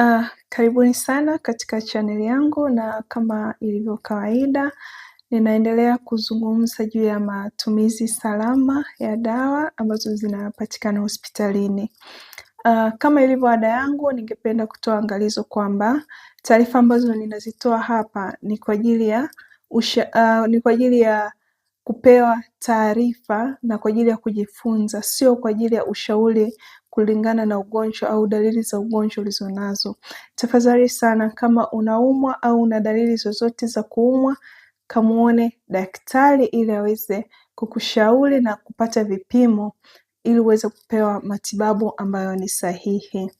Ah, karibuni sana katika chaneli yangu na kama ilivyo kawaida, ninaendelea kuzungumza juu ya matumizi salama ya dawa ambazo zinapatikana hospitalini. Uh, kama ilivyo ada yangu, ningependa kutoa angalizo kwamba taarifa ambazo ninazitoa hapa ni kwa ajili ya usha, uh, ni kwa ajili ya kupewa taarifa na kwa ajili ya kujifunza, sio kwa ajili ya ushauri kulingana na ugonjwa au dalili za ugonjwa ulizonazo. Tafadhali sana kama unaumwa au una dalili zozote za kuumwa, kamuone daktari ili aweze kukushauri na kupata vipimo ili uweze kupewa matibabu ambayo ni sahihi.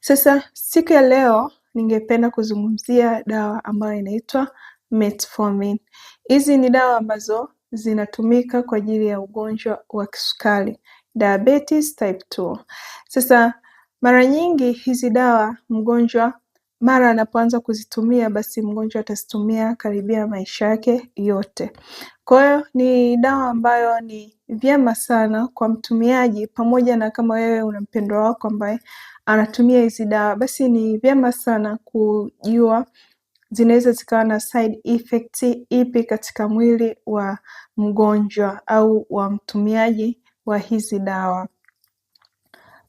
Sasa siku ya leo ningependa kuzungumzia dawa ambayo inaitwa metformin. Hizi ni dawa ambazo zinatumika kwa ajili ya ugonjwa wa kisukari diabetes type 2. Sasa mara nyingi hizi dawa mgonjwa mara anapoanza kuzitumia basi mgonjwa atazitumia karibia maisha yake yote. Kwa hiyo ni dawa ambayo ni vyema sana kwa mtumiaji, pamoja na kama wewe una mpendwa wako ambaye anatumia hizi dawa, basi ni vyema sana kujua zinaweza zikawa na side effect ipi katika mwili wa mgonjwa au wa mtumiaji wa hizi dawa.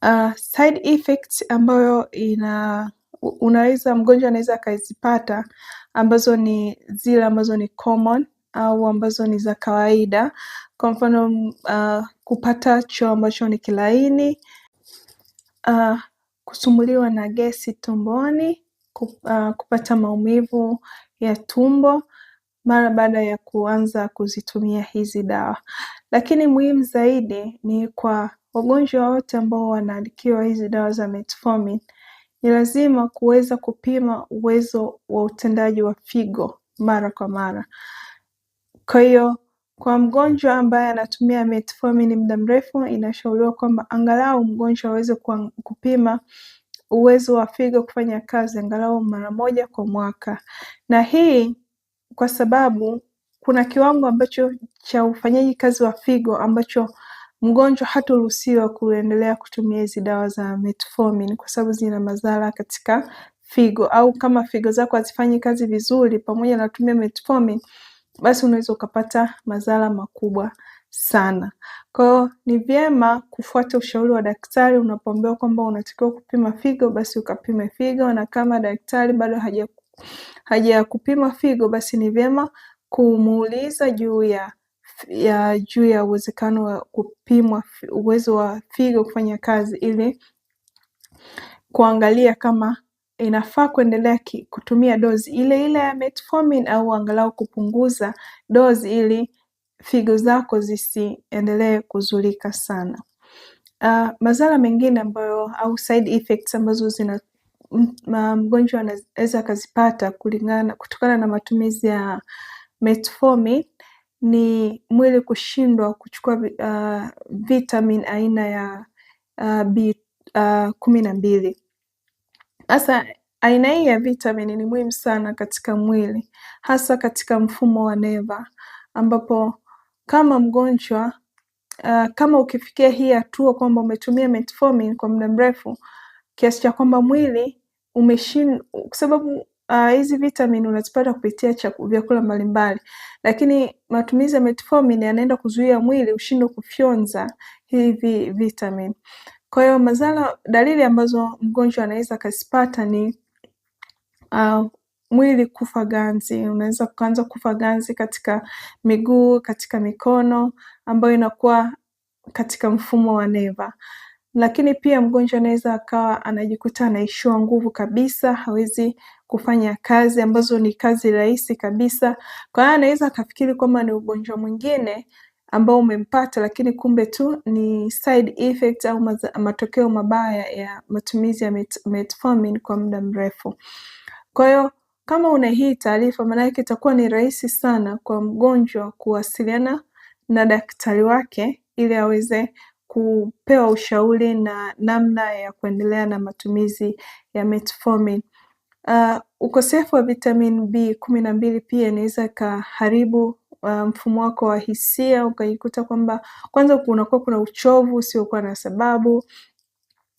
Uh, side effects ambayo ina unaweza mgonjwa anaweza akazipata ambazo ni zile ambazo ni common au ambazo ni za kawaida. Kwa mfano uh, kupata choo ambacho ni kilaini, uh, kusumbuliwa na gesi tumboni, kupata maumivu ya tumbo mara baada ya kuanza kuzitumia hizi dawa. Lakini muhimu zaidi ni kwa wagonjwa wote ambao wanaandikiwa hizi dawa za metformin, ni lazima kuweza kupima uwezo wa utendaji wa figo mara kwa mara. Kwa hiyo kwa mgonjwa ambaye anatumia metformin muda mrefu, inashauriwa kwamba angalau mgonjwa aweze kupima uwezo wa figo kufanya kazi angalau mara moja kwa mwaka, na hii kwa sababu kuna kiwango ambacho cha ufanyaji kazi wa figo ambacho mgonjwa hataruhusiwa kuendelea kutumia hizi dawa za metformin kwa sababu zina madhara katika figo, au kama figo zako hazifanyi kazi vizuri pamoja na kutumia metformin, basi unaweza ukapata madhara makubwa sana. Kwa hiyo ni vyema kufuata ushauri wa daktari. Unapoambiwa kwamba unatakiwa kupima figo, basi ukapime figo, na kama daktari bado haja haja ya kupima figo, basi ni vyema kumuuliza juu ya ya juu ya uwezekano wa kupimwa uwezo wa figo kufanya kazi ili kuangalia kama inafaa kuendelea kutumia dozi ile ile ya metformin au angalau kupunguza dozi ili figo zako zisiendelee kuzulika sana. Uh, madhara mengine ambayo au side effects ambazo zina mgonjwa anaweza akazipata kulingana kutokana na matumizi ya metformin ni mwili kushindwa kuchukua uh, vitamin aina ya uh, B uh, kumi na mbili. Sasa aina hii ya vitamin ni muhimu sana katika mwili, hasa katika mfumo wa neva, ambapo kama mgonjwa uh, kama ukifikia hii hatua kwamba umetumia metformin kwa muda mrefu kiasi cha kwamba mm. mwili umeshin kwa sababu ah, hizi uh, vitamini unazipata kupitia vyakula mbalimbali, lakini matumizi ya metformin yanaenda kuzuia mwili ushindwe kufyonza hivi vitamini. Kwa hiyo mazala, dalili ambazo mgonjwa anaweza akazipata ni uh, mwili kufa ganzi. Unaweza kuanza kufa ganzi katika miguu, katika mikono, ambayo inakuwa katika mfumo wa neva. Lakini pia mgonjwa anaweza akawa anajikuta anaishiwa nguvu kabisa, hawezi kufanya kazi ambazo ni kazi rahisi kabisa. Kwa hiyo anaweza akafikiri kwamba ni ugonjwa mwingine ambao umempata, lakini kumbe tu ni side effect au maza, matokeo mabaya ya matumizi ya met, metformin kwa muda mrefu. Kwa hiyo kama una hii taarifa, maanake itakuwa ni rahisi sana kwa mgonjwa kuwasiliana na daktari wake ili aweze kupewa ushauri na namna ya kuendelea na matumizi ya metformin. Uh, ukosefu wa vitamin B kumi na mbili pia inaweza ikaharibu uh, mfumo wako wa hisia, ukajikuta kwamba kwanza unakuwa kuna uchovu usiokuwa na sababu,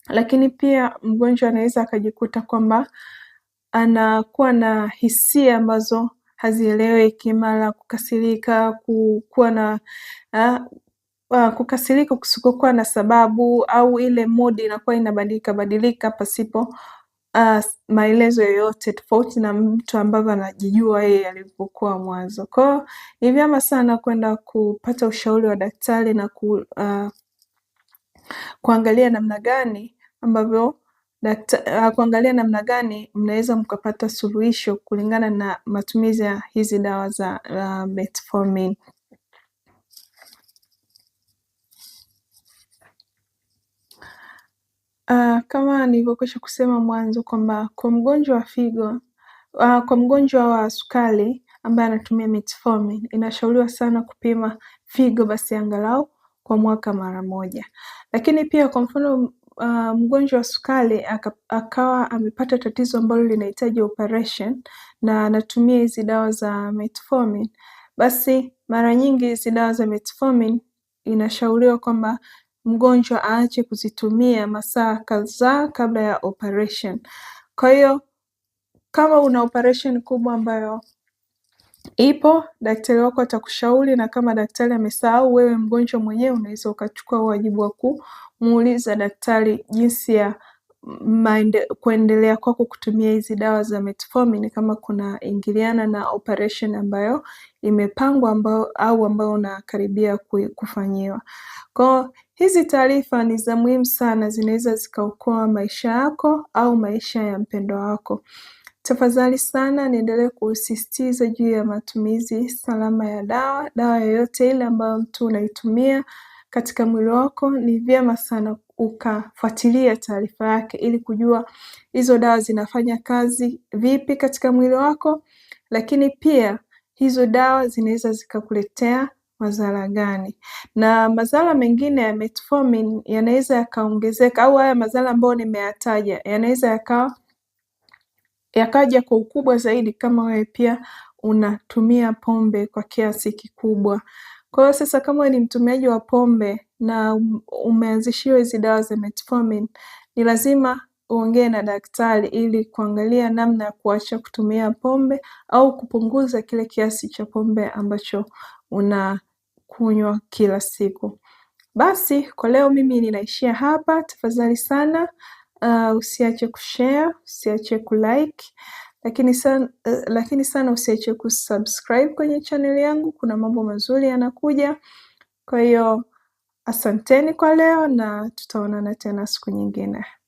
lakini pia mgonjwa anaweza akajikuta kwamba anakuwa na hisia ambazo hazieleweki, mara kukasirika, kukuwa na uh, uh, kukasirika kusikokuwa na sababu au ile modi inakuwa inabadilika badilika pasipo uh, maelezo yoyote tofauti na mtu ambavyo anajijua yeye alivyokuwa mwanzo. Kwa hiyo ni vyema sana kwenda kupata ushauri wa daktari na ku, uh, kuangalia namna gani ambavyo Dakta, uh, kuangalia namna gani mnaweza mkapata suluhisho kulingana na matumizi ya hizi dawa za uh, metformin. Ah, kama nilivyokwisha kusema mwanzo kwamba kwa mgonjwa wa figo uh, kwa mgonjwa wa sukari ambaye anatumia metformin inashauriwa sana kupima figo basi angalau kwa mwaka mara moja, lakini pia kwa mfano uh, mgonjwa wa sukari akawa amepata tatizo ambalo linahitaji operation na anatumia hizi dawa za metformin, basi mara nyingi hizi dawa za metformin inashauriwa kwamba mgonjwa aache kuzitumia masaa kadhaa kabla ya operation Kwa hiyo kama una operation kubwa ambayo ipo, daktari wako atakushauri, na kama daktari amesahau, wewe mgonjwa mwenyewe unaweza ukachukua wajibu wa kumuuliza daktari jinsi ya maende, kuendelea kwako kutumia hizi dawa za metformin kama kuna ingiliana na operation ambayo imepangwa ambao, au ambayo unakaribia kufanyiwa Kwa Hizi taarifa ni za muhimu sana, zinaweza zikaokoa maisha yako au maisha ya mpendwa wako. Tafadhali sana niendelee kusisitiza juu ya matumizi salama ya dawa. Dawa yoyote ile ambayo mtu unaitumia katika mwili wako, ni vyema sana ukafuatilia taarifa yake ili kujua hizo dawa zinafanya kazi vipi katika mwili wako, lakini pia hizo dawa zinaweza zikakuletea madhara gani, na madhara mengine ya metformin yanaweza yakaongezeka, au haya madhara ambayo nimeyataja yanaweza yakawa yakaja kwa ukubwa zaidi kama wewe pia unatumia pombe kwa kiasi kikubwa. Kwa hiyo sasa, kama ni mtumiaji wa pombe na umeanzishiwa hizi dawa za metformin, ni lazima uongee na daktari ili kuangalia namna ya kuacha kutumia pombe au kupunguza kile kiasi cha pombe ambacho una kunywa kila siku. Basi kwa leo mimi ninaishia hapa. Tafadhali sana uh, usiache kushare, usiache kulike lakini sana, uh, eh, lakini sana usiache kusubscribe kwenye chaneli yangu. Kuna mambo mazuri yanakuja. Kwa hiyo asanteni kwa leo na tutaonana tena siku nyingine.